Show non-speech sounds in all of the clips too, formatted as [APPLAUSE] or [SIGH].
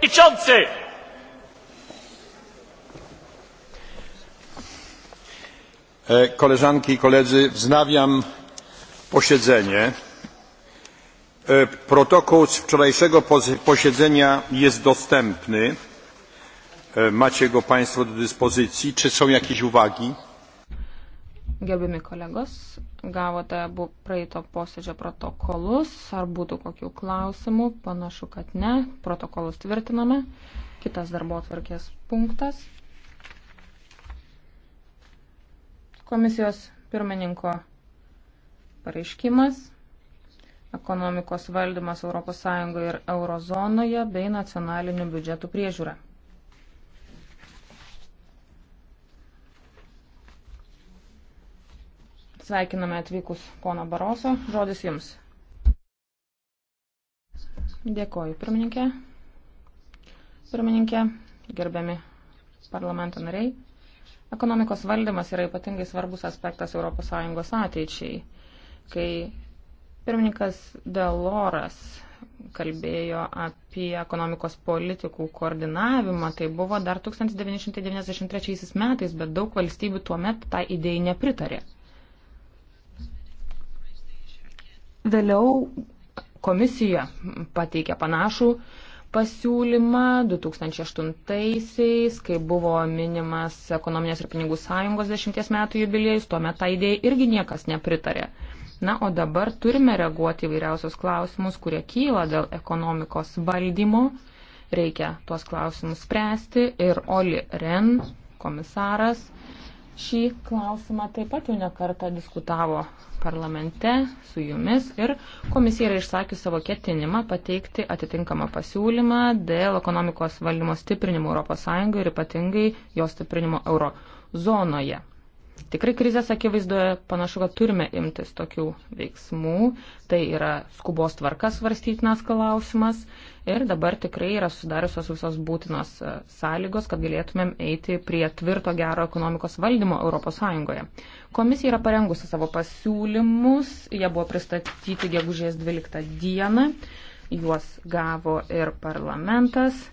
przewodniczący! E, koleżanki i koledzy, wznawiam posiedzenie. E, protokół z wczorajszego posiedzenia jest dostępny. E, macie go Państwo do dyspozycji. Czy są jakieś uwagi? Gerbiami kolegos, gavote abu praeito posėdžio protokolus, ar būtų kokių klausimų, panašu, kad ne, protokolus tvirtiname. Kitas darbo atvarkės punktas. Komisijos pirmininko pareiškimas ekonomikos valdymas ES ir eurozonoje bei nacionalinių biudžetų priežiūra. Sveikiname atvykus pono Baroso. Žodis jums. Dėkoju, pirmininkė. Pirmininkė, gerbiami parlamento nariai. Ekonomikos valdymas yra ypatingai svarbus aspektas ES ateičiai. Kai pirmininkas Deloras kalbėjo apie ekonomikos politikų koordinavimą, tai buvo dar 1993 metais, bet daug valstybių tuo metu tą tai idėją nepritarė. Vėliau komisija pateikė panašų pasiūlymą 2008-aisiais, kai buvo minimas ekonominės ir pinigų sąjungos dešimties metų jubiliejus, tuomet tą tai idėją irgi niekas nepritarė. Na, o dabar turime reaguoti įvairiausios klausimus, kurie kyla dėl ekonomikos valdymo. Reikia tuos klausimus spręsti ir Oli Ren, komisaras, šį klausimą taip pat jau nekartą diskutavo parlamente su jumis ir komisija yra išsakiusi savo ketinimą pateikti atitinkamą pasiūlymą dėl ekonomikos valdymo stiprinimo ES ir ypatingai jo stiprinimo euro zonoje. Tikrai krizės akivaizdoje panašu, kad turime imtis tokių veiksmų. Tai yra skubos tvarkas varstytinas klausimas. Ir dabar tikrai yra sudariusios visos būtinos e, sąlygos, kad galėtumėm eiti prie tvirto gero ekonomikos valdymo ES. Komisija yra parengusi savo pasiūlymus. Jie buvo pristatyti gegužės 12 dieną. Juos gavo ir parlamentas.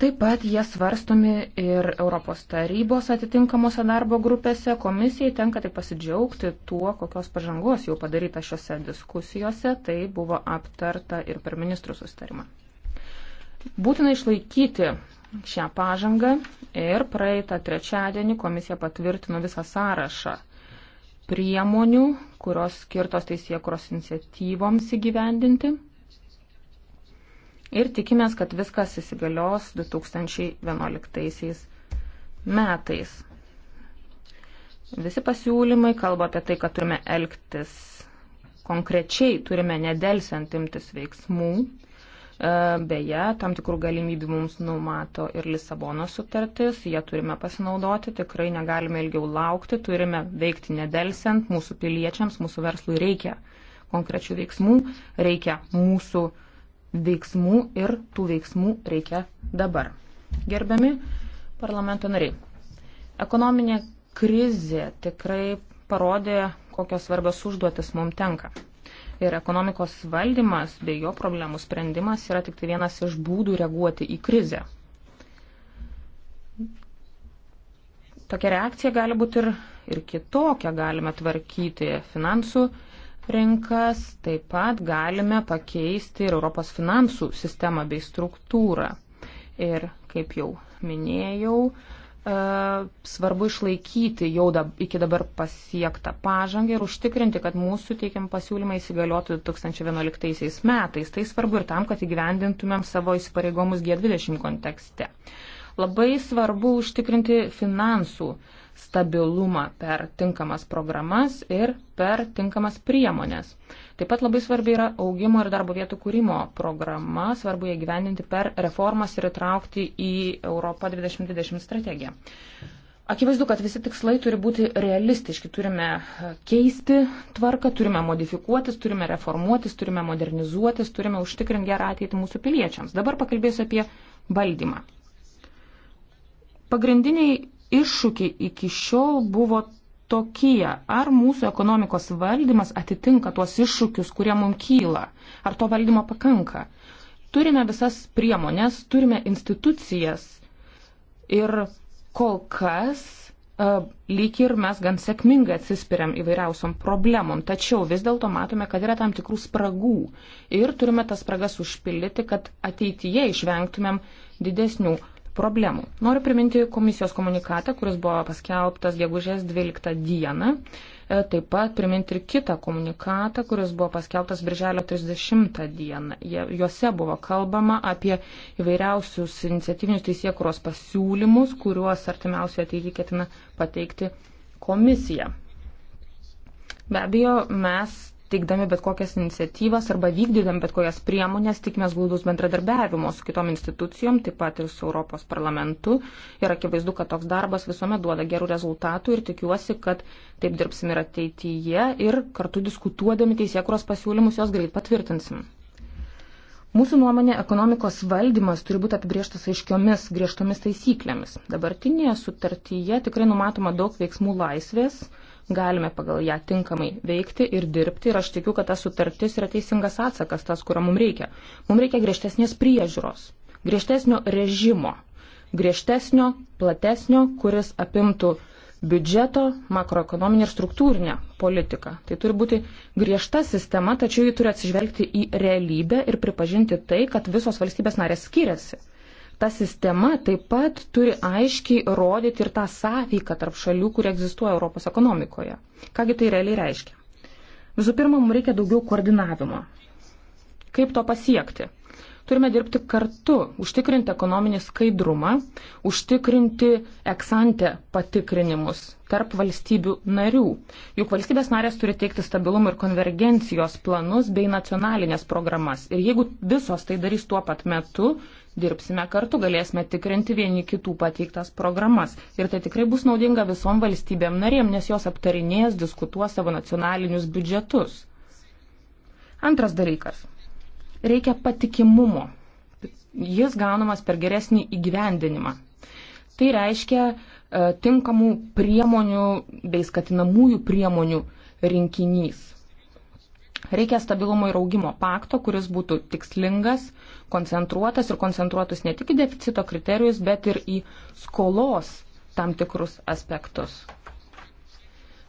Taip pat jie svarstomi ir Europos tarybos atitinkamuose darbo grupėse. Komisijai tenka tik pasidžiaugti tuo, kokios pažangos jau padaryta šiuose diskusijose. Tai buvo aptarta ir per ministrų sustarimą. Būtina išlaikyti šią pažangą ir praeitą trečiadienį komisija patvirtino visą sąrašą priemonių, kurios skirtos teisėkros iniciatyvoms įgyvendinti ir tikimės, kad viskas įsigalios 2011 metais. Visi pasiūlymai kalba apie tai, kad turime elgtis konkrečiai, turime nedelsiant imtis veiksmų. E, beje, tam tikrų galimybių mums numato ir Lisabono sutartis, jie turime pasinaudoti, tikrai negalime ilgiau laukti, turime veikti nedelsiant, mūsų piliečiams, mūsų verslui reikia konkrečių veiksmų, reikia mūsų uh, veiksmų ir tų veiksmų reikia dabar. Gerbiami parlamento nariai, ekonominė krizė tikrai parodė, kokios svarbios užduotis mums tenka. Ir ekonomikos valdymas bei jo problemų sprendimas yra tik tai vienas iš būdų reaguoti į krizę. Tokia reakcija gali būti ir, ir kitokia, galime tvarkyti finansų aplinkas, taip pat galime pakeisti ir Europos finansų sistemą bei struktūrą. Ir kaip jau minėjau, e, svarbu išlaikyti jau dab, iki dabar pasiektą pažangą ir užtikrinti, kad mūsų teikiam pasiūlymai įsigaliotų 2011 metais. Tai svarbu ir tam, kad įgyvendintumėm savo įsipareigomus G20 kontekste. Uh, Labai svarbu užtikrinti finansų stabilumą per tinkamas programas ir per tinkamas priemonės. Taip pat labai svarbi yra augimo ir darbo vietų kūrimo programa, svarbu ją gyveninti per reformas ir įtraukti į Europą 2020 strategiją. Akivaizdu, kad visi tikslai turi būti realistiški, turime keisti tvarką, turime modifikuotis, turime reformuotis, turime modernizuotis, turime užtikrinti gerą ateitį mūsų piliečiams. Dabar pakalbėsiu apie valdymą. Pagrindiniai iššūkiai iki šiol buvo tokie, ar mūsų ekonomikos valdymas atitinka tuos iššūkius, kurie mums kyla, ar to valdymo pakanka. Turime visas priemonės, turime institucijas ir kol kas e, lyg ir mes gan sėkmingai atsispiriam įvairiausiom problemom, tačiau vis dėlto matome, kad yra tam tikrų spragų ir turime tas spragas užpildyti, kad ateityje išvengtumėm didesnių problemų. Noriu priminti komisijos komunikatą, kuris buvo paskelbtas gegužės 12 dieną. E, taip pat priminti ir kitą komunikatą, kuris buvo paskelbtas birželio 30 dieną. Juose buvo kalbama apie įvairiausius iniciatyvinius teisėkuros pasiūlymus, kuriuos artimiausioje ateityje ketina pateikti komisija. Be abejo, mes teikdami bet kokias iniciatyvas arba vykdydami bet kokias priemonės, tikimės glaudus bendradarbiavimo su kitom institucijom, taip pat ir su Europos parlamentu. Ir akivaizdu, kad toks darbas visuomet duoda gerų rezultatų ir tikiuosi, kad taip dirbsim ir ateityje ir kartu diskutuodami teisėkuros pasiūlymus jos greit patvirtinsim. Mūsų nuomonė, ekonomikos valdymas turi būti apibrieštas aiškiomis, griežtomis taisyklėmis. Dabartinėje sutartyje tikrai numatoma daug veiksmų laisvės, galime pagal ją tinkamai veikti ir dirbti ir aš tikiu, kad ta sutartis yra teisingas atsakas, tas, kurio mums reikia. Mums reikia griežtesnės priežiūros, griežtesnio režimo, griežtesnio, platesnio, kuris apimtų biudžeto, makroekonominę ir struktūrinę politiką. Tai turi būti griežta sistema, tačiau ji turi atsižvelgti į realybę ir pripažinti tai, kad visos valstybės narės skiriasi. Ta sistema taip pat turi aiškiai rodyti ir tą sąveiką tarp šalių, kurie egzistuoja Europos ekonomikoje. Kągi tai realiai reiškia? Visų pirma, mums reikia daugiau koordinavimo. Kaip to pasiekti? Turime dirbti kartu, užtikrinti ekonominį skaidrumą, užtikrinti eksante patikrinimus tarp valstybių narių. Juk valstybės narės turi teikti stabilumo ir konvergencijos planus bei nacionalinės programas. Ir jeigu visos tai darys tuo pat metu, dirbsime kartu, galėsime tikrinti vieni kitų pateiktas programas. Ir tai tikrai bus naudinga visom valstybėm narėm, nes jos aptarinės, diskutuos savo nacionalinius biudžetus. Antras dalykas. Reikia patikimumo. Jis gaunamas per geresnį įgyvendinimą. Tai reiškia e, tinkamų priemonių bei skatinamųjų priemonių rinkinys. Reikia stabilumo ir augimo pakto, kuris būtų tikslingas, koncentruotas ir koncentruotas ne tik į deficito kriterijus, bet ir į skolos tam tikrus aspektus.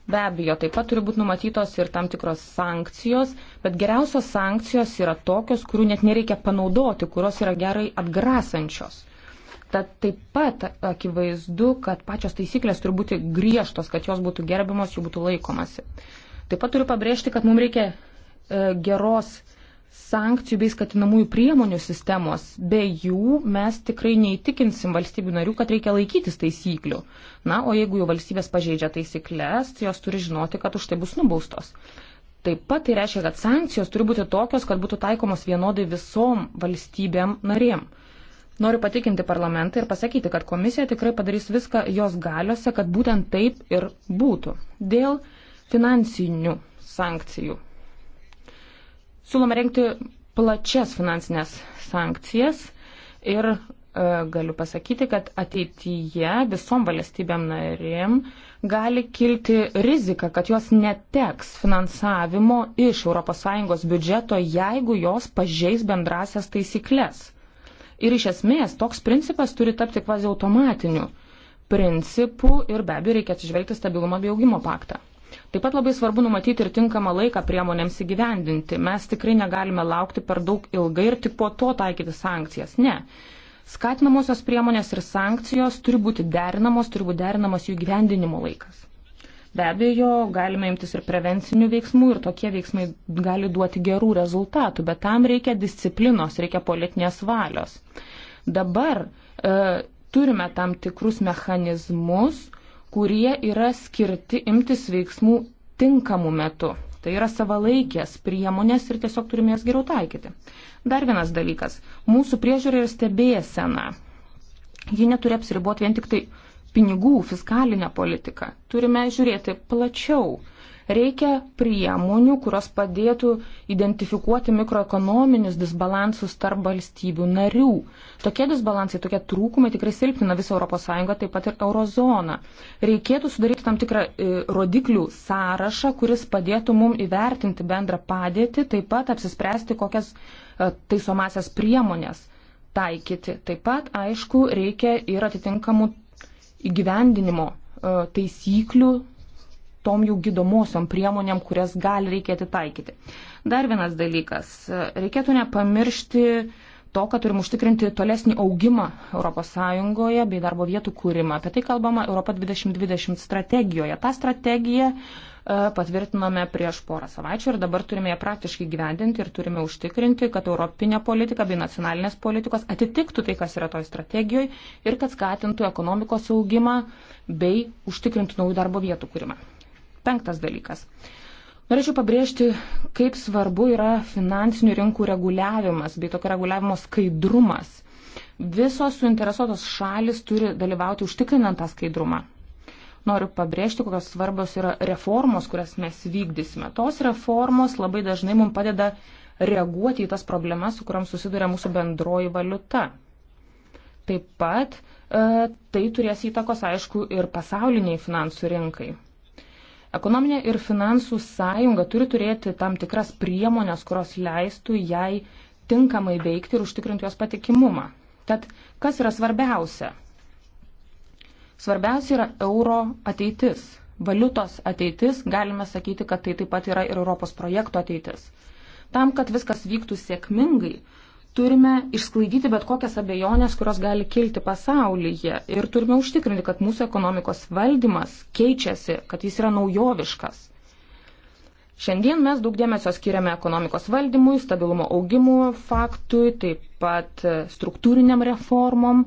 Be abejo, taip pat turi būti numatytos ir tam tikros sankcijos, bet geriausios sankcijos yra tokios, kurių net nereikia panaudoti, kurios yra gerai atgrasančios. Tad taip pat akivaizdu, kad pačios taisyklės turi būti griežtos, kad jos būtų gerbiamos, jų būtų laikomasi. Taip pat turiu pabrėžti, kad mums reikia e, geros sankcijų bei skatinamųjų priemonių sistemos. Be jų mes tikrai neįtikinsim valstybių narių, kad reikia laikytis taisyklių. Na, o jeigu jau valstybės pažeidžia taisyklės, tai jos turi žinoti, kad už tai bus nubaustos. Taip pat tai reiškia, kad sankcijos turi būti tokios, kad būtų taikomos vienodai visom valstybėm narėm. Noriu patikinti parlamentą ir pasakyti, kad komisija tikrai padarys viską jos galiuose, kad būtent taip ir būtų. Dėl finansinių sankcijų Siūloma renkti plačias finansinės sankcijas ir e, galiu pasakyti, kad ateityje visom valstybėm narėm gali kilti rizika, kad jos neteks finansavimo iš ES biudžeto, jeigu jos pažeis bendrasias taisyklės. Ir iš esmės toks principas turi tapti kvazi automatiniu principu ir be abejo reikia atsižvelgti stabilumo bei augimo paktą. Taip pat labai svarbu numatyti ir tinkamą laiką priemonėms įgyvendinti. Mes tikrai negalime laukti per daug ilgai ir tik po to taikyti sankcijas. Ne. Skatinamosios priemonės ir sankcijos turi būti derinamos, turi būti derinamas jų gyvendinimo laikas. Be abejo, galime imtis ir prevencinių veiksmų ir tokie veiksmai gali duoti gerų rezultatų, bet tam reikia disciplinos, reikia politinės valios. Dabar e, turime tam tikrus mechanizmus, kurie yra skirti imtis veiksmų tinkamu metu. Tai yra savalaikės priemonės ir tiesiog turime jas geriau taikyti. Dar vienas dalykas - mūsų priežiūra ir stebėsena. Ji neturi apsiriboti vien tik tai pinigų, fiskalinę politiką. Turime žiūrėti plačiau. Reikia priemonių, kurios padėtų identifikuoti mikroekonominius disbalansus tarp valstybių narių. Tokie disbalansai, tokie trūkumai tikrai silpnina visą ES, taip pat ir eurozoną. Reikėtų sudaryti tam tikrą e, rodiklių sąrašą, kuris padėtų mums įvertinti bendrą padėtį, taip pat apsispręsti, kokias e, taisomasias priemonės taikyti. Taip pat, aišku, reikia ir atitinkamų įgyvendinimo e, taisyklių tom jų gydomosiom priemonėm, kurias gali reikėti taikyti. Dar vienas dalykas. Reikėtų nepamiršti to, kad turim užtikrinti tolesnį augimą ES bei darbo vietų kūrimą. Apie tai kalbama Europa 2020 strategijoje. Ta strategija e, patvirtinome prieš porą savaičių ir dabar turime ją praktiškai gyvendinti ir turime užtikrinti, kad europinė politika bei nacionalinės politikos atitiktų tai, kas yra toj strategijoje ir kad skatintų ekonomikos augimą bei užtikrintų naujų darbo vietų kūrimą. Penktas dalykas. Norėčiau pabrėžti, kaip svarbu yra finansinių rinkų reguliavimas bei tokio reguliavimo skaidrumas. Visos suinteresuotos šalis turi dalyvauti užtikrinant tą skaidrumą. Noriu pabrėžti, kokios svarbios yra reformos, kurias mes vykdysime. Tos reformos labai dažnai mums padeda reaguoti į tas problemas, su kuriam susiduria mūsų bendroji valiuta. Taip pat e, tai turės įtakos, aišku, ir pasauliniai finansų rinkai Ekonominė ir finansų sąjunga turi turėti tam tikras priemonės, kurios leistų jai tinkamai veikti ir užtikrinti jos patikimumą. Tad kas yra svarbiausia? Svarbiausia yra euro ateitis, valiutos ateitis, galime sakyti, kad tai taip pat yra ir Europos projekto ateitis. Tam, kad viskas vyktų sėkmingai, turime išsklaidyti bet kokias abejonės, kurios gali kilti pasaulyje ir turime užtikrinti, kad mūsų ekonomikos valdymas keičiasi, kad jis yra naujoviškas. Šiandien mes daug dėmesio skiriame ekonomikos valdymui, stabilumo augimų faktui, taip pat struktūriniam reformom.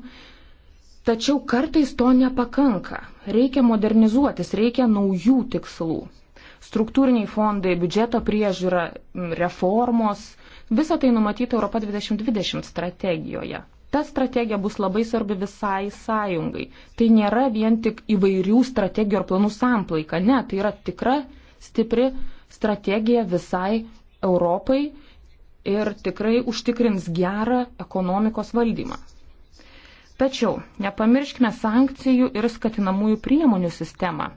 Tačiau kartais to nepakanka. Reikia modernizuotis, reikia naujų tikslų. Struktūriniai fondai, biudžeto priežiūra, reformos Visą tai numatyti Europa 2020 strategijoje. Ta strategija bus labai svarbi visai sąjungai. Tai nėra vien tik įvairių strategijų ar planų samplaika. Ne, tai yra tikra stipri strategija visai Europai ir tikrai užtikrins gerą ekonomikos valdymą. Tačiau nepamirškime sankcijų ir skatinamųjų priemonių sistemą.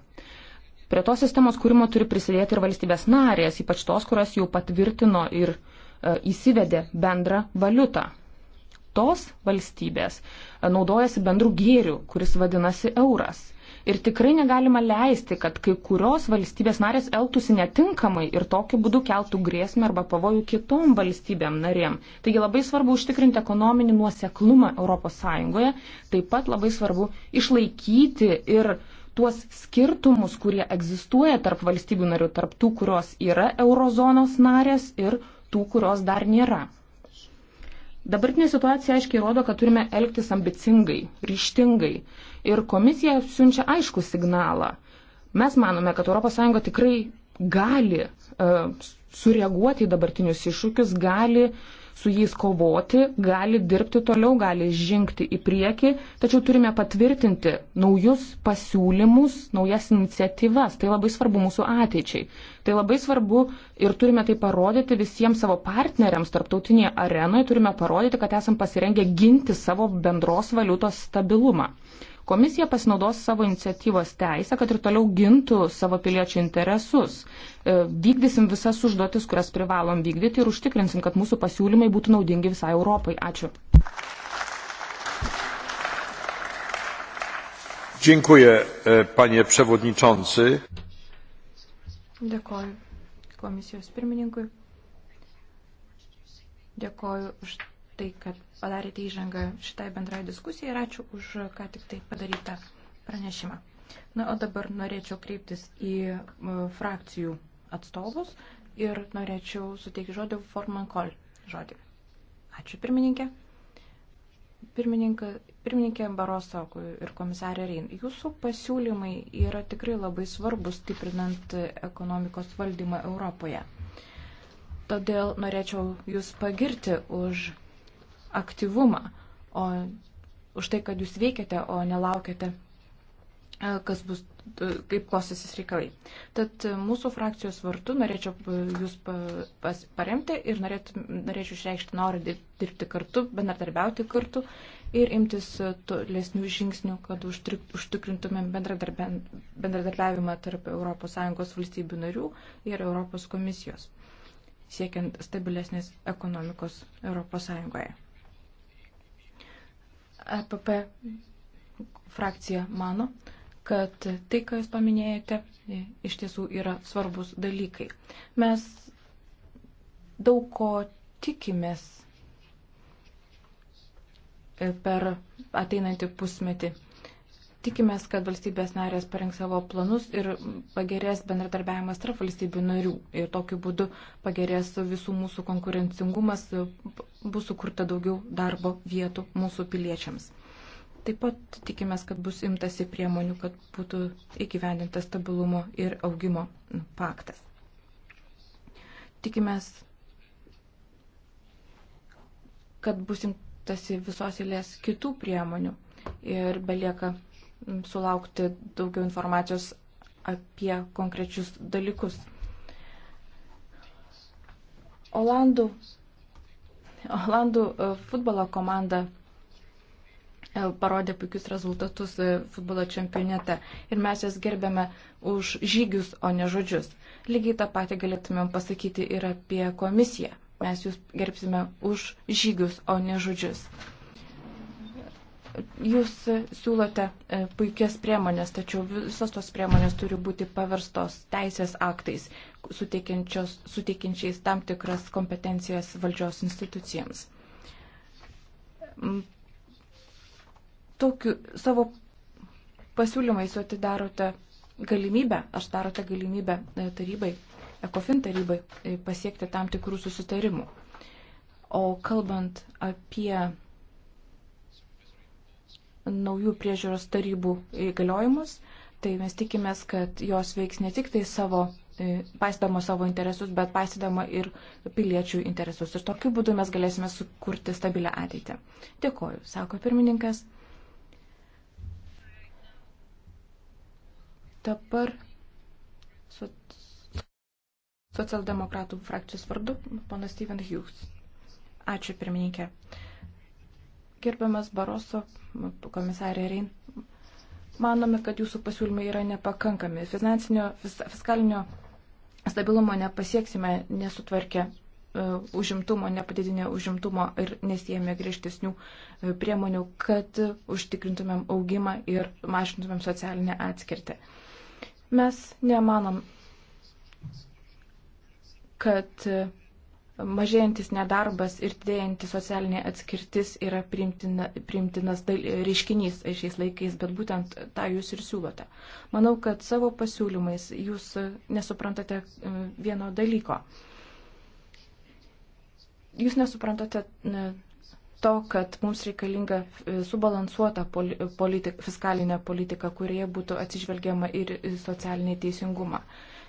Prie tos sistemos kūrimo turi prisidėti ir valstybės narės, ypač tos, kurios jau patvirtino ir uh, E, įsivedė bendrą valiutą. Tos valstybės e, naudojasi bendrų gėrių, kuris vadinasi euras. Ir tikrai negalima leisti, kad kai kurios valstybės narės elgtųsi netinkamai ir tokiu būdu keltų grėsmę arba pavojų kitom valstybėm narėm. Taigi labai svarbu užtikrinti ekonominį nuoseklumą ES, taip pat labai svarbu išlaikyti ir tuos skirtumus, kurie egzistuoja tarp valstybių narių, tarp tų, kurios yra eurozonos narės ir tų, kurios dar nėra. Dabartinė situacija aiškiai rodo, kad turime elgtis ambicingai, ryštingai ir komisija siunčia aišku signalą. Mes manome, kad ES tikrai gali uh, sureaguoti į dabartinius iššūkius, gali uh, su jais kovoti, gali dirbti toliau, gali žingti į priekį, tačiau turime patvirtinti naujus pasiūlymus, naujas iniciatyvas. Tai labai svarbu mūsų ateičiai. Tai labai svarbu ir turime tai parodyti visiems savo partneriams tarptautinėje arenoje, turime parodyti, kad esam pasirengę ginti savo bendros valiutos stabilumą. Komisija pasinaudos savo iniciatyvos teisę, kad ir toliau gintų savo piliečių interesus. E, vykdysim visas užduotis, kurias privalom vykdyti ir užtikrinsim, kad mūsų pasiūlymai būtų naudingi visai Europai. Ačiū. Dziękuję, e, panie przewodniczący. Dėkoju komisijos pirmininkui. Dėkoju už tai, kad padarėte įžangą šitai bendrai diskusijai ir ačiū už ką tik tai padarytą pranešimą. Na, o dabar norėčiau kreiptis į frakcijų atstovus ir norėčiau suteikti žodį formankol žodį. Ačiū pirmininkė. Pirmininkė, pirmininkė Baroso ir komisarė Rein, jūsų pasiūlymai yra tikrai labai svarbus stiprinant ekonomikos valdymą Europoje. Todėl norėčiau jūs pagirti už aktyvumą, o už tai, kad jūs veikiate, o nelaukiate, e, kas bus, e, kaip klostysis reikalai. Tad e, mūsų frakcijos vartų norėčiau jūs paremti ir norėtų, norėčiau išreikšti norą dirbti kartu, bendradarbiauti kartu ir imtis tolesnių žingsnių, kad užtikrintumėm bendradarbiavimą tarp ES valstybių narių ir ES komisijos siekiant stabilesnės ekonomikos ES. EPP frakcija mano, kad tai, ką Jūs paminėjote, iš tiesų yra svarbus dalykai. Mes daug ko tikimės per ateinantį pusmetį. Tikimės, kad valstybės narės parengs savo planus ir pagerės bendradarbiavimas tarp valstybių narių. Ir tokiu būdu pagerės visų mūsų konkurencingumas, bus sukurta daugiau darbo vietų mūsų piliečiams. Taip pat tikimės, kad bus imtasi priemonių, kad būtų įgyvendintas stabilumo ir augimo paktas. Tikimės, kad bus imtasi visos eilės kitų priemonių ir belieka sulaukti daugiau informacijos apie konkrečius dalykus. Olandų, Olandų e, futbolo komanda e, parodė puikius rezultatus e, futbolo čempionete ir mes jas gerbėme už žygius, o ne žodžius. Lygiai tą patį galėtumėm pasakyti ir apie komisiją. Mes jūs gerbsime už žygius, o ne žodžius. Jūs siūlote e, puikias priemonės, tačiau visos tos priemonės turi būti paverstos teisės aktais, suteikiančiais tam tikras kompetencijas valdžios institucijams. Tokiu savo pasiūlymais jūs atidarote galimybę, aš darote galimybę e, tarybai, ECOFIN tarybai e, pasiekti tam tikrų susitarimų. O kalbant apie naujų priežiūros tarybų įgaliojimus, tai mes tikimės, kad jos veiks ne tik tai savo, e, paisydama savo interesus, bet paisydama ir piliečių interesus. Ir tokiu būdu mes galėsime sukurti stabilę ateitį. Dėkoju, sako pirmininkas. Dabar socialdemokratų frakcijos vardu, ponas Steven Hughes. Ačiū, pirmininkė. Gerbiamas Baroso, komisarė Rein, manome, kad jūsų pasiūlymai yra nepakankami. Finansinio, fiskalinio stabilumo nepasieksime nesutvarkę e, užimtumo, nepadidinę užimtumo ir nesijėmė griežtesnių e, priemonių, kad užtikrintumėm augimą ir mažintumėm socialinę atskirtį. Mes nemanom, kad e, mažėjantis nedarbas ir didėjanti socialinė atskirtis yra priimtina, priimtinas dal, reiškinys šiais laikais, bet būtent tą jūs ir siūlote. Manau, kad savo pasiūlymais jūs nesuprantate e, vieno dalyko. Jūs nesuprantate e, to, kad mums reikalinga e, subalansuota politik, fiskalinė politika, kurioje būtų atsižvelgiama ir socialinį teisingumą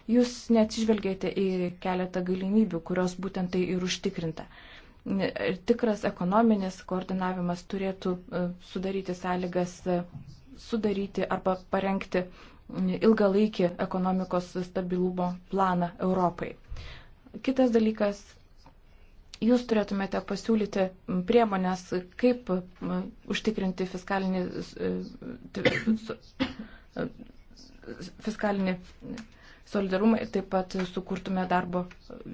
jūs neatsižvelgėte į keletą galimybių, kurios būtent tai ir užtikrinta. Ir tikras ekonominis koordinavimas turėtų e, sudaryti sąlygas e, sudaryti arba parengti ilgalaikį ekonomikos stabilumo planą Europai. Kitas dalykas, jūs turėtumėte pasiūlyti priemonės, kaip užtikrinti fiskalinį, e, [COUGHS] fiskalinį solidarumą ir taip pat sukurtume darbo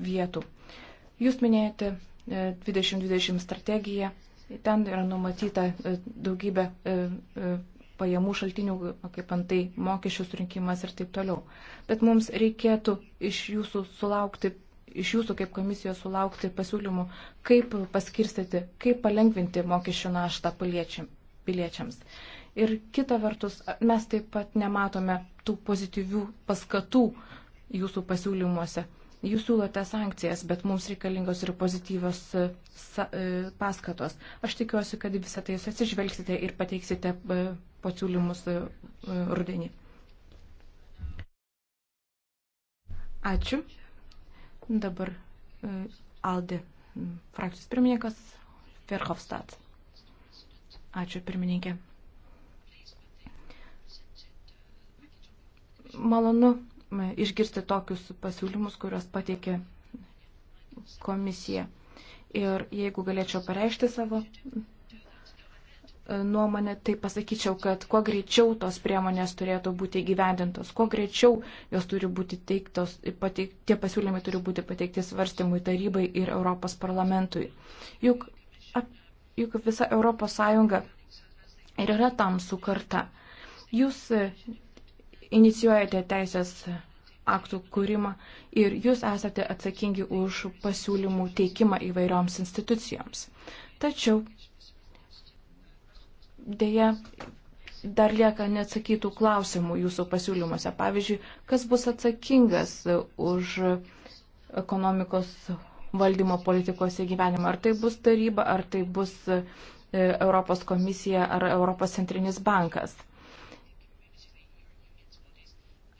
vietų. Jūs minėjote 2020 e, strategiją, ten yra numatyta e, daugybė e, pajamų šaltinių, kaip antai mokesčių surinkimas ir taip toliau. Bet mums reikėtų iš jūsų sulaukti, iš jūsų kaip komisijos sulaukti pasiūlymų, kaip paskirstyti, kaip palengvinti mokesčių naštą piliečiams ir kita vertus mes taip pat nematome tų pozityvių paskatų jūsų pasiūlymuose. Jūs siūlote sankcijas, bet mums reikalingos ir pozityvios e, e, paskatos. Aš tikiuosi, kad visą tai jūs atsižvelgsite ir pateiksite e, pasiūlymus rudenį. Ačiū. Dabar Aldi frakcijos pirmininkas Verhofstadt. Ačiū pirmininkė. malonu išgirsti tokius pasiūlymus, kuriuos pateikė komisija. Ir jeigu galėčiau pareišti savo nuomonę, tai pasakyčiau, kad kuo greičiau tos priemonės turėtų būti įgyvendintos, kuo greičiau jos turi būti teiktos, pateik, tie pasiūlymai turi būti pateikti svarstymui tarybai ir Europos parlamentui. Juk, ap, juk visa Europos Sąjunga ir yra tam sukarta. Jūs inicijuojate teisės aktų kūrimą ir jūs esate atsakingi už pasiūlymų teikimą įvairioms institucijoms. Tačiau dėja dar lieka neatsakytų klausimų jūsų pasiūlymuose. Pavyzdžiui, kas bus atsakingas už ekonomikos valdymo politikos įgyvenimą? Ar tai bus taryba, ar tai bus e, Europos komisija, ar Europos centrinis bankas?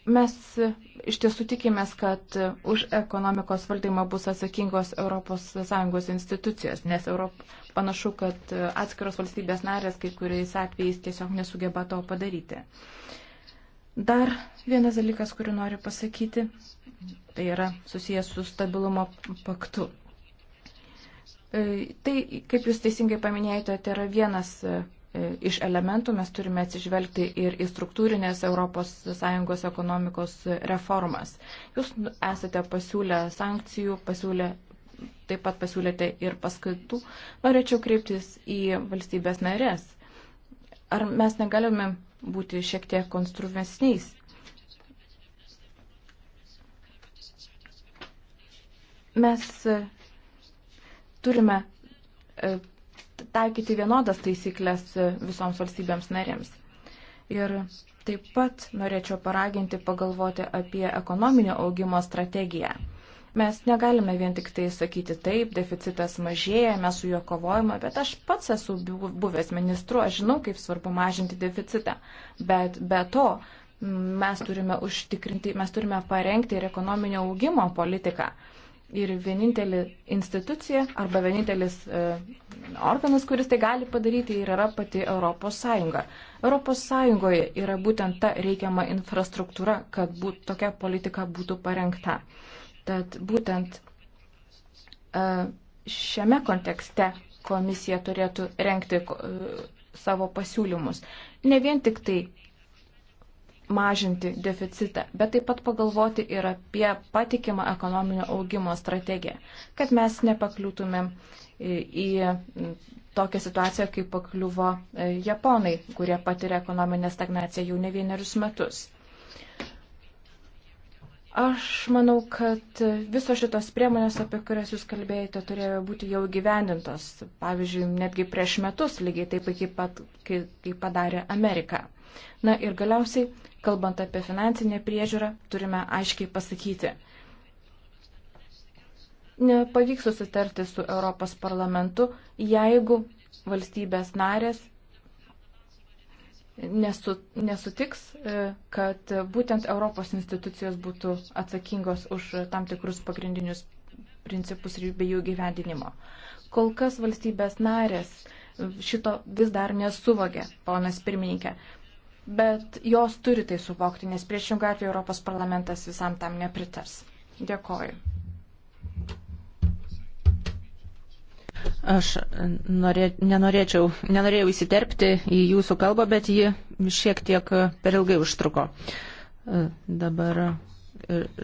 Mes e, iš tiesų tikimės, kad e, už ekonomikos valdymą bus atsakingos ES institucijos, nes Europ... panašu, kad e, atskiros valstybės narės kai kuriais atvejais tiesiog nesugeba to padaryti. Dar vienas dalykas, kurį noriu pasakyti, tai yra susijęs su stabilumo paktu. Tai, kaip jūs teisingai paminėjote, tai yra vienas E, iš elementų mes turime atsižvelgti ir į struktūrinės ES ekonomikos reformas. Jūs esate pasiūlę sankcijų, pasiūlę, taip pat pasiūlėte ir paskaitų. Norėčiau kreiptis į valstybės narės. Ar mes negalime būti šiek tiek konstruvesniais? Mes turime e, taikyti vienodas taisyklės visoms valstybėms narėms. Ir taip pat norėčiau paraginti pagalvoti apie ekonominio augimo strategiją. Mes negalime vien tik tai sakyti taip, deficitas mažėja, mes su juo kovojame, bet aš pats esu buvęs ministru, aš žinau, kaip svarbu mažinti deficitą. Bet be to mes turime užtikrinti, mes turime parengti ir ekonominio augimo politiką ir vienintelė institucija arba vienintelis e, organas, kuris tai gali padaryti, ir yra pati Europos Sąjunga. Europos Sąjungoje yra būtent ta reikiama infrastruktūra, kad būt, tokia politika būtų parengta. Tad būtent e, šiame kontekste komisija turėtų renkti e, savo pasiūlymus. Ne vien tik tai mažinti deficitą, bet taip pat pagalvoti ir apie patikimą ekonominio augimo strategiją, kad mes nepakliūtumėm į tokią situaciją, kaip pakliuvo e, Japonai, kurie patiria ekonominę stagnaciją jau ne vienerius metus. Aš manau, kad visos šitos priemonės, apie kurias jūs kalbėjote, turėjo būti jau gyvendintos. Pavyzdžiui, netgi prieš metus lygiai taip, kaip, pat, kaip padarė Amerika. Na ir galiausiai, kalbant apie finansinę priežiūrą, turime aiškiai pasakyti. Nepavyks susitarti su Europos parlamentu, jeigu valstybės narės nesu, nesutiks, e, kad būtent Europos institucijos būtų atsakingos už tam tikrus pagrindinius principus ir bei jų gyvendinimo. Kol kas valstybės narės šito vis dar nesuvokė, ponas pirmininkė bet jos turi tai suvokti, nes priešingų atveju Europos parlamentas visam tam nepritars. Dėkoju. Aš norė, nenorėčiau, nenorėjau įsiterpti į jūsų kalbą, bet ji šiek tiek per ilgai užtruko. E, dabar e,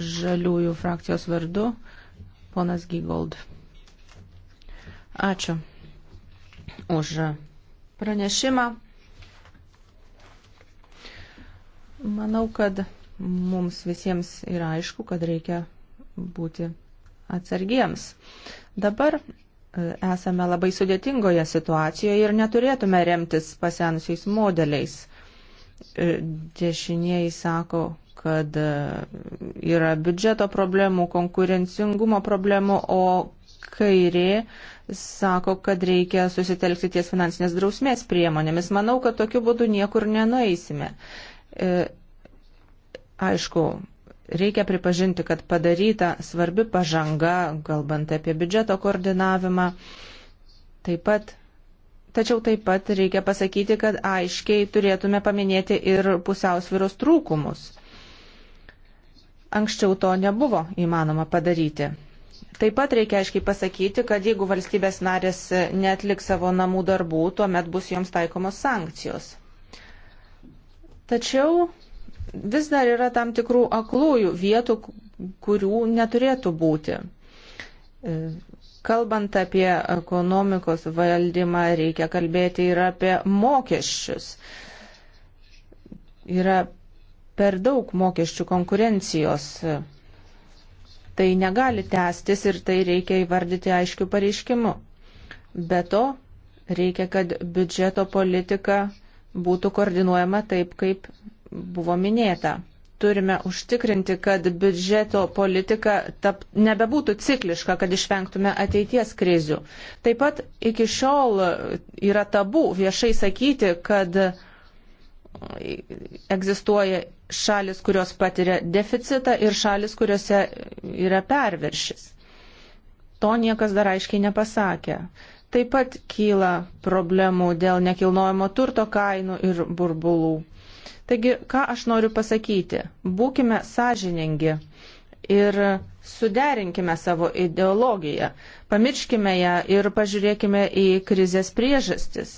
žaliųjų frakcijos vardu ponas Gygold. Ačiū už pranešimą. Manau, kad mums visiems yra aišku, kad reikia būti atsargiems. Dabar e, esame labai sudėtingoje situacijoje ir neturėtume remtis pasenusiais modeliais. E, dešinieji sako, kad e, yra biudžeto problemų, konkurencingumo problemų, o kairė sako, kad reikia susitelkti ties finansinės drausmės priemonėmis. Manau, kad tokiu būdu niekur nenueisime. E, aišku, reikia pripažinti, kad padaryta svarbi pažanga, kalbant apie biudžeto koordinavimą. Taip pat, tačiau taip pat reikia pasakyti, kad aiškiai turėtume paminėti ir pusiausviros trūkumus. Anksčiau to nebuvo įmanoma padaryti. Taip pat reikia aiškiai pasakyti, kad jeigu valstybės narės netliks savo namų darbų, tuomet bus joms taikomos sankcijos. Tačiau vis dar yra tam tikrų aklųjų vietų, kurių neturėtų būti. E, kalbant apie ekonomikos valdymą, reikia kalbėti ir apie mokesčius. Yra per daug mokesčių konkurencijos. Tai negali tęstis ir tai reikia įvardyti aiškių pareiškimų. Be to, reikia, kad biudžeto politika būtų koordinuojama taip, kaip buvo minėta. Turime užtikrinti, kad biudžeto politika tap, nebebūtų cikliška, kad išvengtume ateities krizių. Taip pat iki šiol yra tabu viešai sakyti, kad egzistuoja šalis, kurios patiria deficitą ir šalis, kuriuose yra perviršis. To niekas dar aiškiai nepasakė taip pat kyla problemų dėl nekilnojamo turto kainų ir burbulų. Taigi, ką aš noriu pasakyti? Būkime sąžiningi ir suderinkime savo ideologiją, pamirškime ją ir pažiūrėkime į krizės priežastis.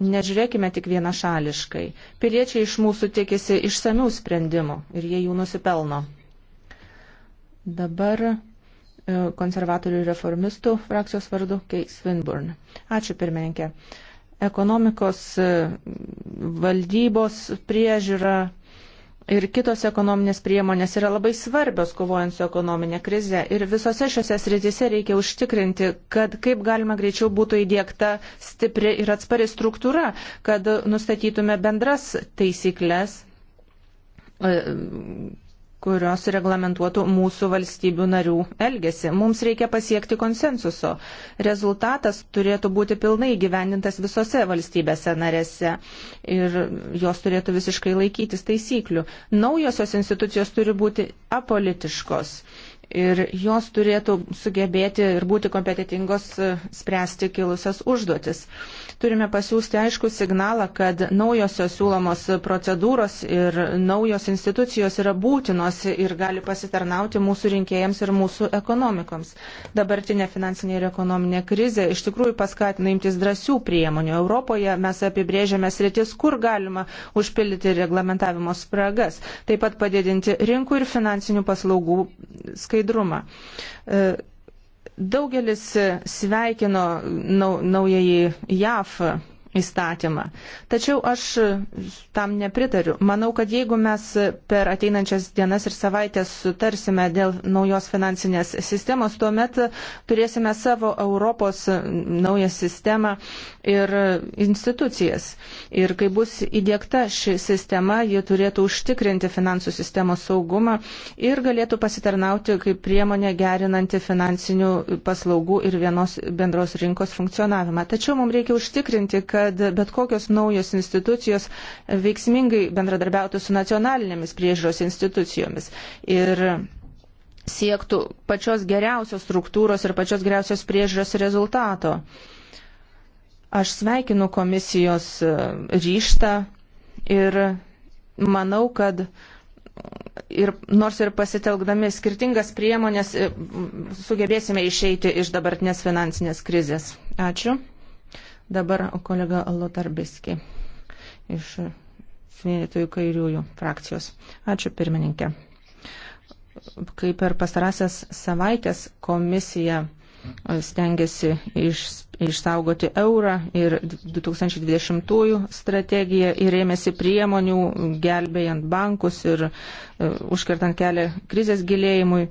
Nežiūrėkime tik vienašališkai. Piliečiai iš mūsų tikisi išsamių sprendimų ir jie jų nusipelno. Dabar E, konservatorių ir reformistų frakcijos vardu Kate Swinburne. Ačiū pirmininkė. Ekonomikos e, valdybos priežiūra ir kitos ekonominės priemonės yra labai svarbios kovojant su ekonominė krize. Ir visose šiose srityse reikia užtikrinti, kad kaip galima greičiau būtų įdėkta stipri ir atspari struktūra, kad nustatytume bendras taisyklės e, kurios reglamentuotų mūsų valstybių narių elgesį. Mums reikia pasiekti konsensuso. Rezultatas turėtų būti pilnai gyvendintas visose valstybėse narėse ir jos turėtų visiškai laikytis taisyklių. Naujosios institucijos turi būti apolitiškos ir jos turėtų sugebėti ir būti kompetitingos e, spręsti kilusias užduotis. Turime pasiūsti aišku signalą, kad naujosios siūlomos procedūros ir naujos institucijos yra būtinos ir gali pasitarnauti mūsų rinkėjams ir mūsų ekonomikoms. Dabartinė finansinė ir ekonominė krizė iš tikrųjų paskatina imtis drąsių priemonių. Europoje mes apibrėžiame sritis, kur galima užpildyti reglamentavimo spragas, taip pat padidinti rinkų ir finansinių paslaugų skaičių skaidrumą. E, daugelis sveikino naujai JAF įstatymą. Tačiau aš tam nepritariu. Manau, kad jeigu mes per ateinančias dienas ir savaitės sutarsime dėl naujos finansinės sistemos, tuomet turėsime savo Europos naują sistemą ir institucijas. Ir kai bus įdėkta ši sistema, ji turėtų užtikrinti finansų sistemos saugumą ir galėtų pasitarnauti kaip priemonė gerinanti finansinių paslaugų ir vienos bendros rinkos funkcionavimą. Tačiau mums reikia užtikrinti, kad kad bet kokios naujos institucijos veiksmingai bendradarbiautų su nacionalinėmis priežiūros institucijomis. Ir siektų pačios geriausios struktūros ir pačios geriausios priežiūros rezultato. Aš sveikinu komisijos e, ryštą ir manau, kad ir, nors ir pasitelkdami skirtingas priemonės e, sugebėsime išeiti iš dabartinės finansinės krizės. Ačiū. Dabar kolega Lotarbiski iš Sunėdytojų kairiųjų frakcijos. Ačiū pirmininkė. Kai per pastarasias savaitės komisija stengiasi iš, išsaugoti eurą ir 2020 strategiją ir ėmėsi priemonių gelbėjant bankus ir uh, užkertant kelią krizės gilėjimui.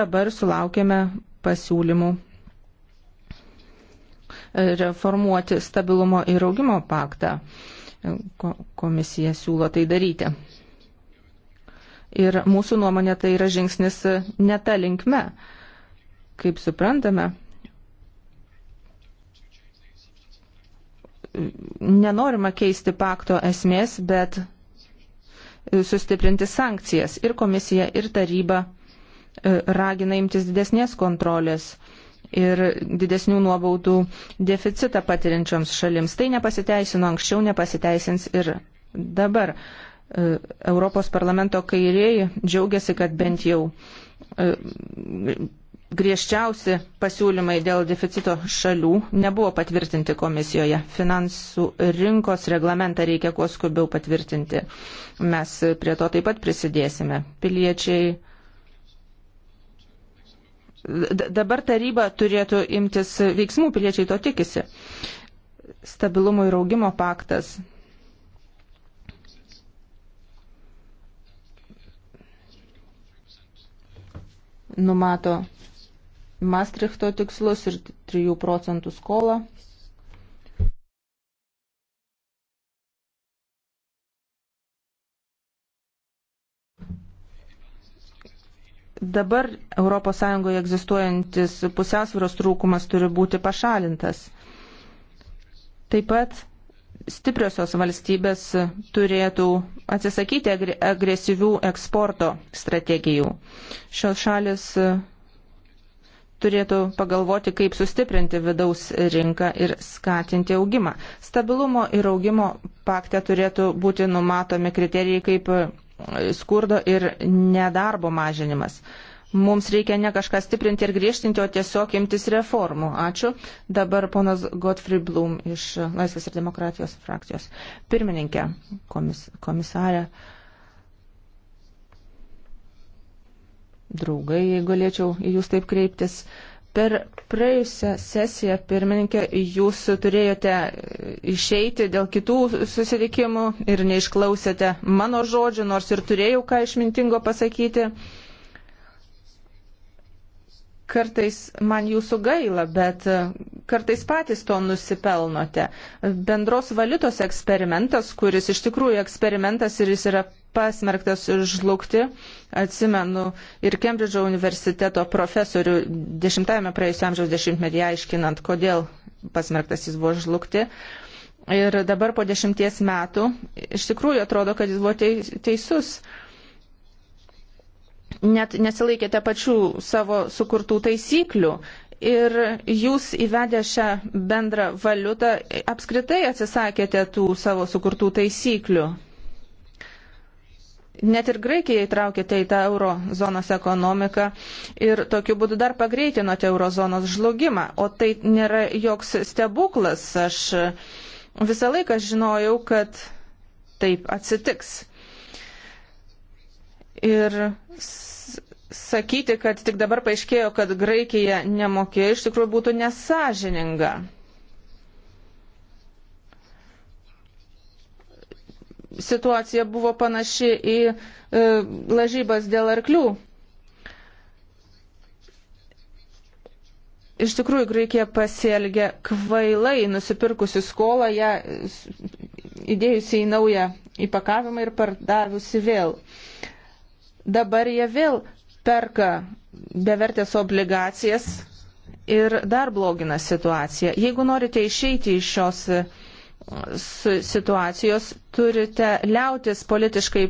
Dabar sulaukėme pasiūlymų reformuoti stabilumo ir augimo paktą. Komisija siūlo tai daryti. Ir mūsų nuomonė tai yra žingsnis ne ta linkme. Kaip suprantame, nenorima keisti pakto esmės, bet sustiprinti sankcijas. Ir komisija, ir taryba e, ragina imtis didesnės kontrolės ir didesnių nuobaudų deficitą patiriančioms šalims. Tai nepasiteisino anksčiau, nepasiteisins ir dabar. E, Europos parlamento kairiai džiaugiasi, kad bent jau e, griežčiausi pasiūlymai dėl deficito šalių nebuvo patvirtinti komisijoje. Finansų rinkos reglamentą reikia kuo skubiau patvirtinti. Mes prie to taip pat prisidėsime. Piliečiai Dabar taryba turėtų imtis veiksmų, piliečiai to tikisi. Stabilumo ir augimo paktas. Numato Maastrichto tikslus ir 3 procentų skolą. Dabar ES egzistuojantis pusiausvėros trūkumas turi būti pašalintas. Taip pat stipriosios valstybės turėtų atsisakyti agresyvių eksporto strategijų. Šios šalis turėtų pagalvoti, kaip sustiprinti vidaus rinką ir skatinti augimą. Stabilumo ir augimo pakte turėtų būti numatomi kriterijai kaip skurdo ir nedarbo mažinimas. Mums reikia ne kažką stiprinti ir griežtinti, o tiesiog imtis reformų. Ačiū. Dabar ponas Godfrey Blum iš Laisvės ir demokratijos frakcijos. Pirmininkė, komis, komisarė, draugai, jeigu galėčiau į jūs taip kreiptis. Uh, Per praėjusią sesiją, pirmininkė, jūs turėjote išeiti dėl kitų susitikimų ir neišklausėte mano žodžių, nors ir turėjau ką išmintingo pasakyti. Kartais man jūsų gaila, bet kartais patys to nusipelnote. Bendros valiutos eksperimentas, kuris iš tikrųjų eksperimentas ir jis yra pasmerktas žlugti. Atsimenu ir Kembridžo universiteto profesorių 10-ame praėjusio amžiaus dešimtmetį aiškinant, kodėl pasmerktas jis buvo žlugti. Ir dabar po dešimties metų iš tikrųjų atrodo, kad jis buvo teisus. Net nesilaikėte pačių savo sukurtų taisyklių ir jūs įvedę šią bendrą valiutą apskritai atsisakėte tų savo sukurtų taisyklių. Net ir Graikija įtraukėte tai į tą eurozonos ekonomiką ir tokiu būdu dar pagreitinote eurozonos žlugimą. O tai nėra joks stebuklas. Aš visą laiką žinojau, kad taip atsitiks. Ir sakyti, kad tik dabar paaiškėjo, kad Graikija nemokėjo, iš tikrųjų būtų nesažininga. situacija buvo panaši į e, lažybas dėl arklių. Iš tikrųjų, Graikija pasielgė kvailai, nusipirkusi skolą, ją e, įdėjusi į naują įpakavimą ir pardavusi vėl. Dabar jie vėl perka bevertės obligacijas ir dar blogina situaciją. Jeigu norite išeiti iš šios e, situacijos turite liautis politiškai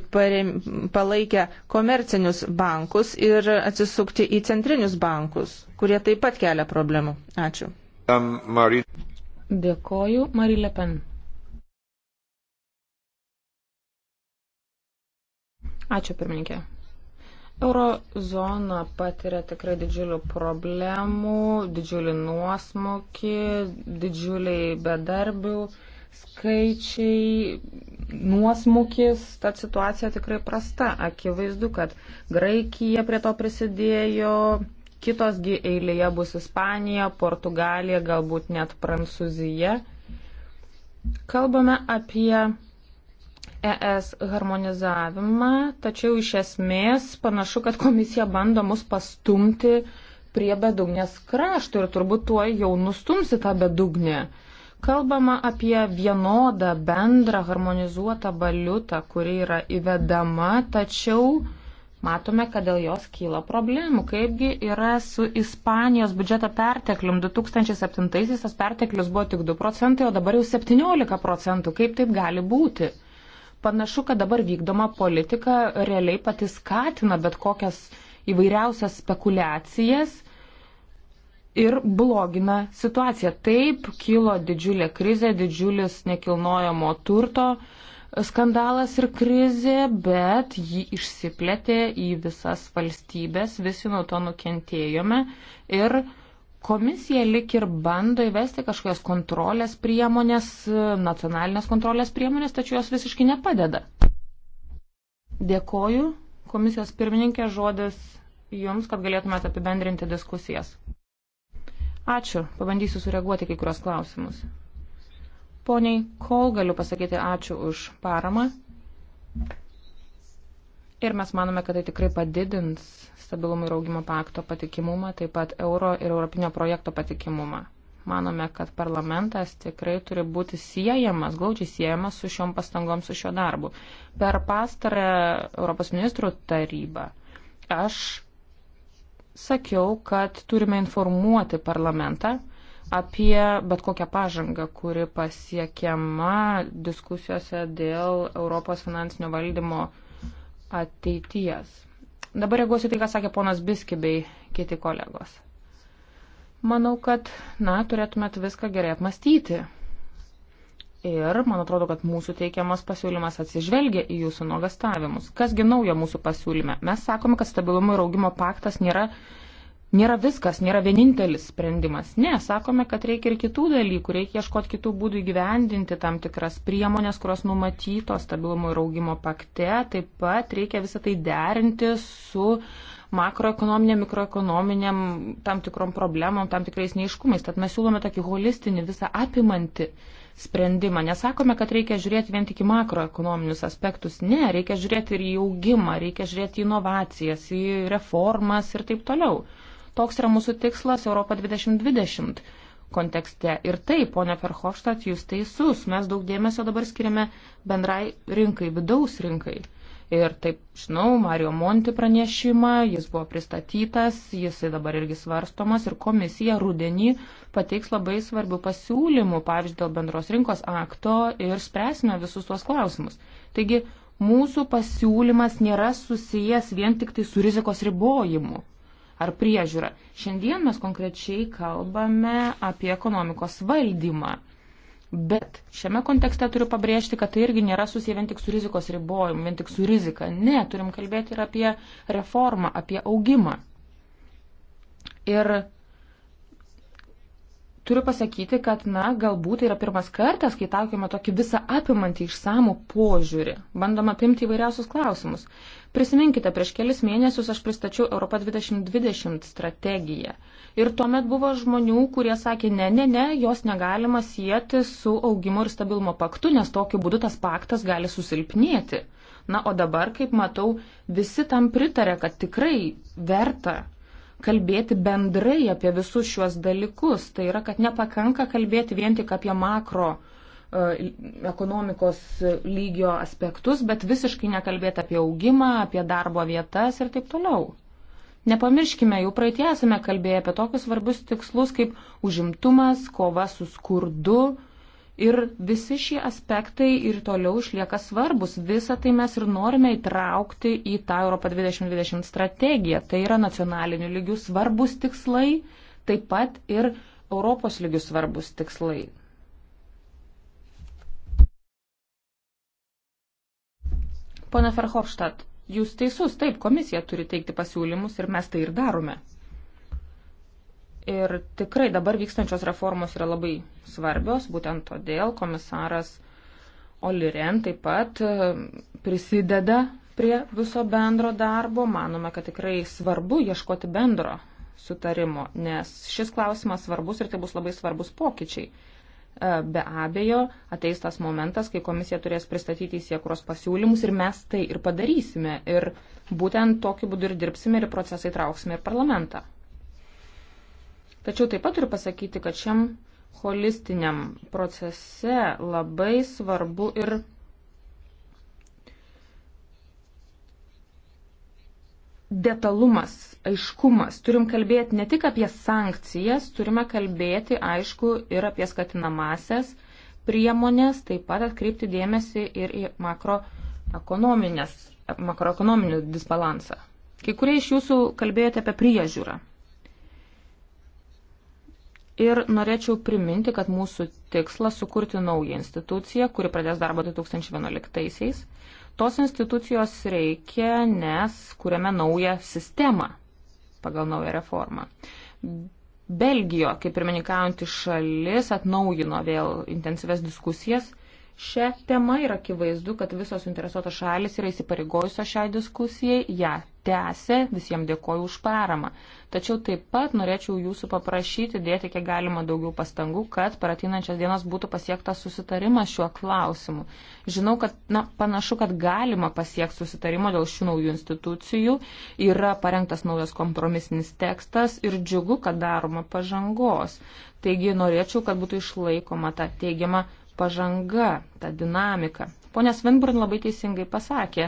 palaikę komercinius bankus ir atsisukti į centrinius bankus, kurie taip pat kelia problemų. Ačiū. Um, Marie... Dėkoju, Marie Le Pen. Ačiū, pirmininkė. Eurozona patiria tikrai didžiulių problemų, didžiulį nuosmukį, didžiuliai bedarbių skaičiai, nuosmukis, ta situacija tikrai prasta. Akivaizdu, kad Graikija prie to prisidėjo, kitosgi eilėje bus Ispanija, Portugalija, galbūt net Prancūzija. Kalbame apie ES harmonizavimą, tačiau iš esmės panašu, kad komisija bando mus pastumti prie bedugnės krašto ir turbūt tuo jau nustumsi tą bedugnę. Uh, Kalbama apie vienodą bendrą harmonizuotą valiutą, kuri yra įvedama, tačiau matome, kad dėl jos kyla problemų. Kaipgi yra su Ispanijos biudžeto perteklium? 2007-aisiais tas perteklius buvo tik 2 procentai, o dabar jau 17 procentų. Kaip taip gali būti? Panašu, kad dabar vykdoma politika realiai pati skatina bet kokias įvairiausias spekulacijas ir blogina situaciją. Taip kilo didžiulė krizė, didžiulis nekilnojamo turto skandalas ir krizė, bet ji išsiplėtė į visas valstybės, visi nuo to nukentėjome ir komisija lik ir bando įvesti kažkokias kontrolės priemonės, nacionalinės kontrolės priemonės, tačiau jos visiškai nepadeda. Dėkoju, komisijos pirmininkė, žodis jums, kad galėtumėte apibendrinti diskusijas. Ačiū, pabandysiu sureaguoti kai kurios klausimus. Poniai, kol galiu pasakyti ačiū už paramą. Ir mes manome, kad tai tikrai padidins stabilumo ir augimo pakto patikimumą, taip pat euro ir europinio projekto patikimumą. Manome, kad parlamentas tikrai turi būti siejamas, glaudžiai siejamas su šiom pastangom, su šiuo darbu. Per pastarę Europos ministrų tarybą aš sakiau, kad turime informuoti parlamentą apie bet kokią pažangą, kuri pasiekiama diskusijose dėl Europos finansinio valdymo ateities. Dabar reaguosiu tai, ką sakė ponas Biski bei kiti kolegos. Manau, kad, na, turėtumėt viską gerai apmastyti ir man atrodo, kad mūsų teikiamas pasiūlymas atsižvelgia į jūsų nuogastavimus. Kasgi naujo mūsų pasiūlyme? Mes sakome, kad stabilumo ir augimo paktas nėra, nėra viskas, nėra vienintelis sprendimas. Ne, sakome, kad reikia ir kitų dalykų, reikia ieškoti kitų būdų įgyvendinti tam tikras priemonės, kurios numatytos stabilumo ir augimo pakte. Taip pat reikia visą tai derinti su makroekonominėm, mikroekonominėm, tam tikrom problemom, tam tikrais neiškumais. Tad mes siūlome tokį holistinį, visą apimantį sprendimą. Nesakome, kad reikia žiūrėti vien tik į makroekonominius aspektus. Ne, reikia žiūrėti ir į augimą, reikia žiūrėti į inovacijas, į reformas ir taip toliau. Toks yra mūsų tikslas Europa 2020 kontekste. Ir taip, ponia Ferhofstadt, jūs teisus, mes daug dėmesio dabar skiriame bendrai rinkai, vidaus rinkai ir taip žinau, Mario Monti pranešimą, jis buvo pristatytas, jisai dabar irgi svarstomas ir komisija rudenį pateiks labai svarbių pasiūlymų, pavyzdžiui, dėl bendros rinkos akto ir spręsime visus tuos klausimus. Taigi, mūsų pasiūlymas nėra susijęs vien tik tai su rizikos ribojimu ar priežiūra. Šiandien mes konkrečiai kalbame apie ekonomikos valdymą. Bet šiame kontekste turiu pabrėžti, kad tai irgi nėra susiję vien tik su rizikos ribojimu, vien tik su rizika. Ne, turim kalbėti ir apie reformą, apie augimą. Ir turiu pasakyti, kad, na, galbūt tai yra pirmas kartas, kai taikome tokį visą apimantį išsamų požiūrį, bandom apimti įvairiausius klausimus. Prisiminkite, prieš kelis mėnesius aš pristačiau Europą 2020 strategiją. Ir tuomet buvo žmonių, kurie sakė, ne, ne, ne, jos negalima sieti su augimo ir stabilumo paktu, nes tokiu būdu tas paktas gali susilpnėti. Na, o dabar, kaip matau, visi tam pritarė, kad tikrai verta kalbėti bendrai apie visus šiuos dalykus. Tai yra, kad nepakanka kalbėti vien tik apie makro E, ekonomikos lygio aspektus, bet visiškai nekalbėti apie augimą, apie darbo vietas ir taip toliau. Nepamirškime, jau praeitie esame kalbėję apie tokius svarbius tikslus kaip užimtumas, kova su skurdu ir visi šie aspektai ir toliau išlieka svarbus. Visą tai mes ir norime įtraukti į tą Europą 2020 strategiją. Tai yra nacionalinių lygių svarbus tikslai, taip pat ir Europos lygių svarbus tikslai. Pone Ferhofštat, jūs teisus, taip, komisija turi teikti pasiūlymus ir mes tai ir darome. Ir tikrai dabar vykstančios reformos yra labai svarbios, būtent todėl komisaras Oliren taip pat e, prisideda prie viso bendro darbo. Manome, kad tikrai svarbu ieškoti bendro sutarimo, nes šis klausimas svarbus ir tai bus labai svarbus pokyčiai. E, be abejo ateis tas momentas, kai komisija turės pristatyti įsiekuros pasiūlymus ir mes tai ir padarysime. Ir būtent tokiu būdu ir dirbsime ir procesai trauksime ir parlamentą. Tačiau taip pat turiu pasakyti, kad šiam holistiniam procese labai svarbu ir detalumas, aiškumas. Turim kalbėti ne tik apie sankcijas, turime kalbėti, aišku, ir apie skatinamasias priemonės, taip pat atkreipti dėmesį ir į makroekonominį disbalansą. Kai kurie iš jūsų kalbėjote apie priežiūrą. Ir norėčiau priminti, kad mūsų tikslas sukurti naują instituciją, kuri pradės darbą 2011-aisiais, Tos institucijos reikia, nes kuriame naują sistemą pagal naują reformą. Belgijo, kaip pirmininkaujantį šalis, atnaujino vėl intensyves diskusijas šią temą ir akivaizdu, kad visos interesuotos šalis yra įsipareigojusios šiai diskusijai, ją tęsė, visiems dėkoju už paramą. Tačiau taip pat norėčiau jūsų paprašyti dėti kiek galima daugiau pastangų, kad per ateinančias dienas būtų pasiektas susitarimas šiuo klausimu. Žinau, kad na, panašu, kad galima pasiekti susitarimo dėl šių naujų institucijų, yra parengtas naujas kompromisinis tekstas ir džiugu, kad daroma pažangos. Taigi norėčiau, kad būtų išlaikoma ta teigiama pažanga, ta dinamika. Pone Svinburn labai teisingai pasakė,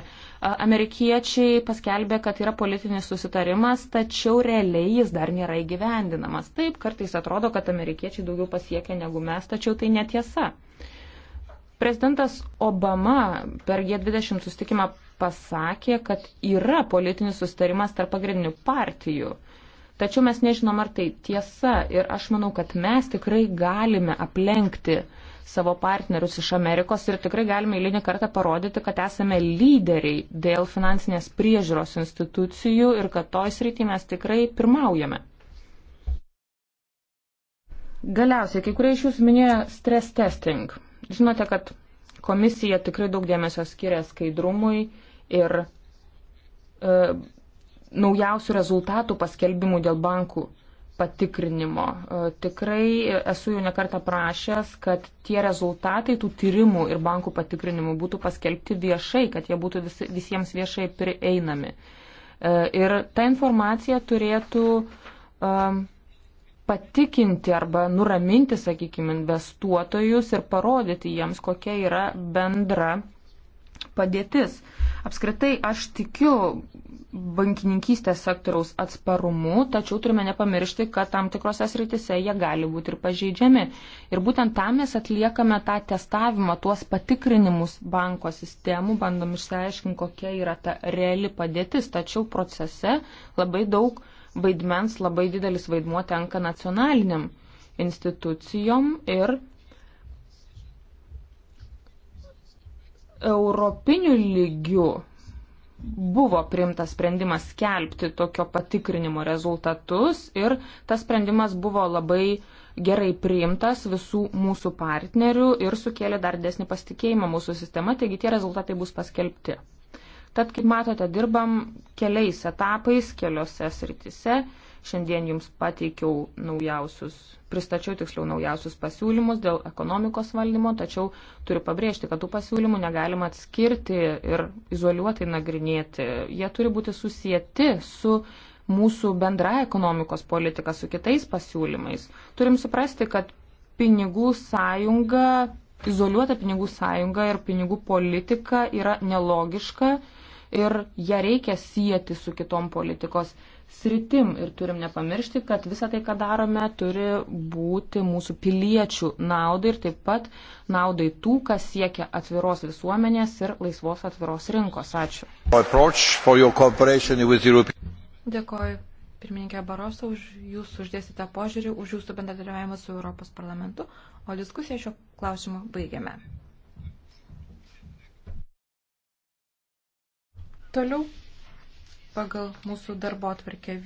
amerikiečiai paskelbė, kad yra politinis susitarimas, tačiau realiai jis dar nėra įgyvendinamas. Taip, kartais atrodo, kad amerikiečiai daugiau pasiekė negu mes, tačiau tai netiesa. Prezidentas Obama per G20 sustikimą pasakė, kad yra politinis susitarimas tarp pagrindinių partijų. Tačiau mes nežinom, ar tai tiesa ir aš manau, kad mes tikrai galime aplenkti uh, savo partnerius iš Amerikos ir tikrai galime eilinį kartą parodyti, kad esame lyderiai dėl finansinės priežiūros institucijų ir kad toj srity mes tikrai pirmaujame. Galiausiai, kai kurie iš jūsų minėjo stress testing. Žinote, kad komisija tikrai daug dėmesio skiria skaidrumui ir e, naujausių rezultatų paskelbimų dėl bankų patikrinimo. E, tikrai esu jau nekartą prašęs, kad tie rezultatai tų tyrimų ir bankų patikrinimų būtų paskelbti viešai, kad jie būtų vis, visiems viešai prieinami. E, ir ta informacija turėtų um, patikinti arba nuraminti, sakykime, investuotojus ir parodyti jiems, kokia yra bendra padėtis. Apskritai, aš tikiu bankininkystės sektoriaus atsparumu, tačiau turime nepamiršti, kad tam tikrose sritise jie gali būti ir pažeidžiami. Ir būtent tam mes atliekame tą testavimą, tuos patikrinimus banko sistemų, bandom išsiaiškinti, kokia yra ta reali padėtis, tačiau procese labai daug vaidmens, labai didelis vaidmuo tenka nacionaliniam institucijom ir europiniu lygiu buvo primtas sprendimas skelbti tokio patikrinimo rezultatus ir tas sprendimas buvo labai gerai priimtas visų mūsų partnerių ir sukėlė dar desnį pasitikėjimą mūsų sistema, taigi tie rezultatai bus paskelbti. Tad, kaip matote, dirbam keliais etapais, keliose sritise Šiandien jums pateikiau naujausius, pristačiau tiksliau naujausius pasiūlymus dėl ekonomikos valdymo, tačiau turiu pabrėžti, kad tų pasiūlymų negalima atskirti ir izoliuotai nagrinėti. Jie turi būti susijęti su mūsų bendra ekonomikos politika, su kitais pasiūlymais. Turim suprasti, kad pinigų sąjunga, izoliuota pinigų sąjunga ir pinigų politika yra nelogiška ir ją reikia sieti su kitom politikos sritim ir turim nepamiršti, kad visą tai, ką darome, turi būti mūsų piliečių naudai ir taip pat naudai tų, kas siekia atviros visuomenės ir laisvos atviros rinkos. Ačiū. Dėkoju, pirmininkė Baroso, už jūsų uždėstytą požiūrį, už jūsų bendradarbiavimą su Europos parlamentu, o diskusiją šio klausimu baigiame. Toliau pagal mūsų darbo atvarkę.